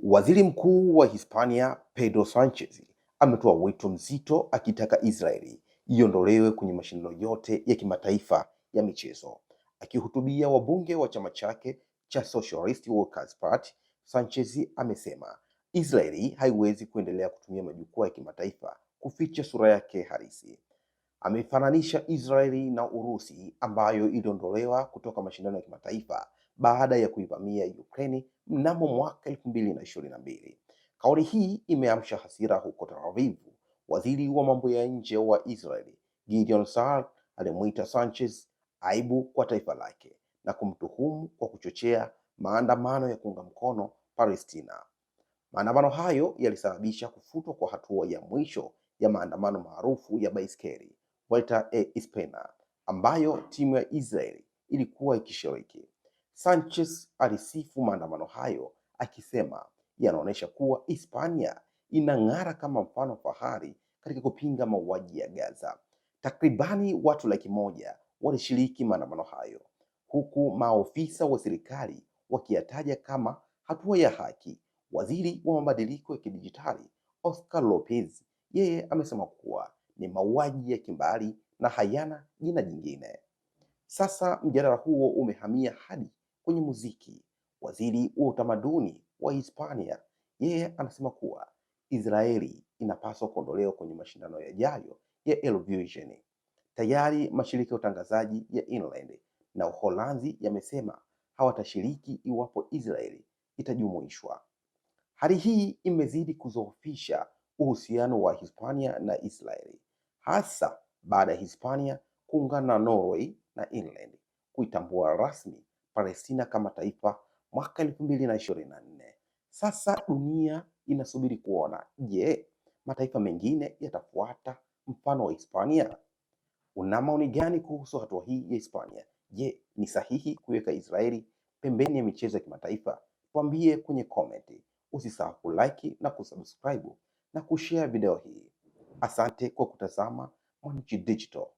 Waziri Mkuu wa Hispania Pedro Sanchez ametoa wito mzito akitaka Israeli iondolewe kwenye mashindano yote ya kimataifa ya michezo. Akihutubia wabunge wa chama chake cha Socialist Workers Party, Sanchez amesema Israeli haiwezi kuendelea kutumia majukwaa ya kimataifa kuficha sura yake halisi. Amefananisha Israeli na Urusi ambayo iliondolewa kutoka mashindano ya kimataifa baada ya kuivamia Ukraine mnamo mwaka elfu mbili na ishirini na mbili. Kauli hii imeamsha hasira huko Tel Aviv. Waziri wa mambo ya nje wa Israeli Gideon Saar alimwita Sanchez aibu kwa taifa lake na kumtuhumu kwa kuchochea maandamano ya kuunga mkono Palestina. Maandamano hayo yalisababisha kufutwa kwa hatua ya mwisho ya maandamano maarufu ya baiskeli Volta a e. Ispena ambayo timu ya Israeli ilikuwa ikishiriki. Sanchez alisifu maandamano hayo akisema yanaonyesha kuwa Hispania inang'ara kama mfano fahari katika kupinga mauaji ya Gaza. Takribani watu laki moja walishiriki maandamano hayo huku maofisa wa serikali wakiyataja kama hatua ya haki. Waziri wa mabadiliko ya kidijitali Oscar Lopez yeye amesema kuwa ni mauaji ya kimbari na hayana jina jingine. Sasa mjadala huo umehamia hadi kwenye muziki. Waziri wa utamaduni wa Hispania yeye anasema kuwa Israeli inapaswa kuondolewa kwenye mashindano yajayo ya Eurovision. Tayari mashirika ya utangazaji ya England na Uholanzi yamesema hawatashiriki iwapo Israeli itajumuishwa. Hali hii imezidi kuzoofisha uhusiano wa Hispania na Israeli, hasa baada ya Hispania kuungana na Norway na England kuitambua rasmi Palestina kama taifa mwaka elfu mbili na ishirini na nne. Sasa dunia inasubiri kuona, je, mataifa mengine yatafuata mfano wa Hispania? Una maoni gani kuhusu hatua hii ya Hispania? Je, ni sahihi kuiweka Israeli pembeni ya michezo ya kimataifa? Tuambie kwenye komenti. Usisahau kulike na kusubscribe na kushare video hii. Asante kwa kutazama Mwananchi Digital.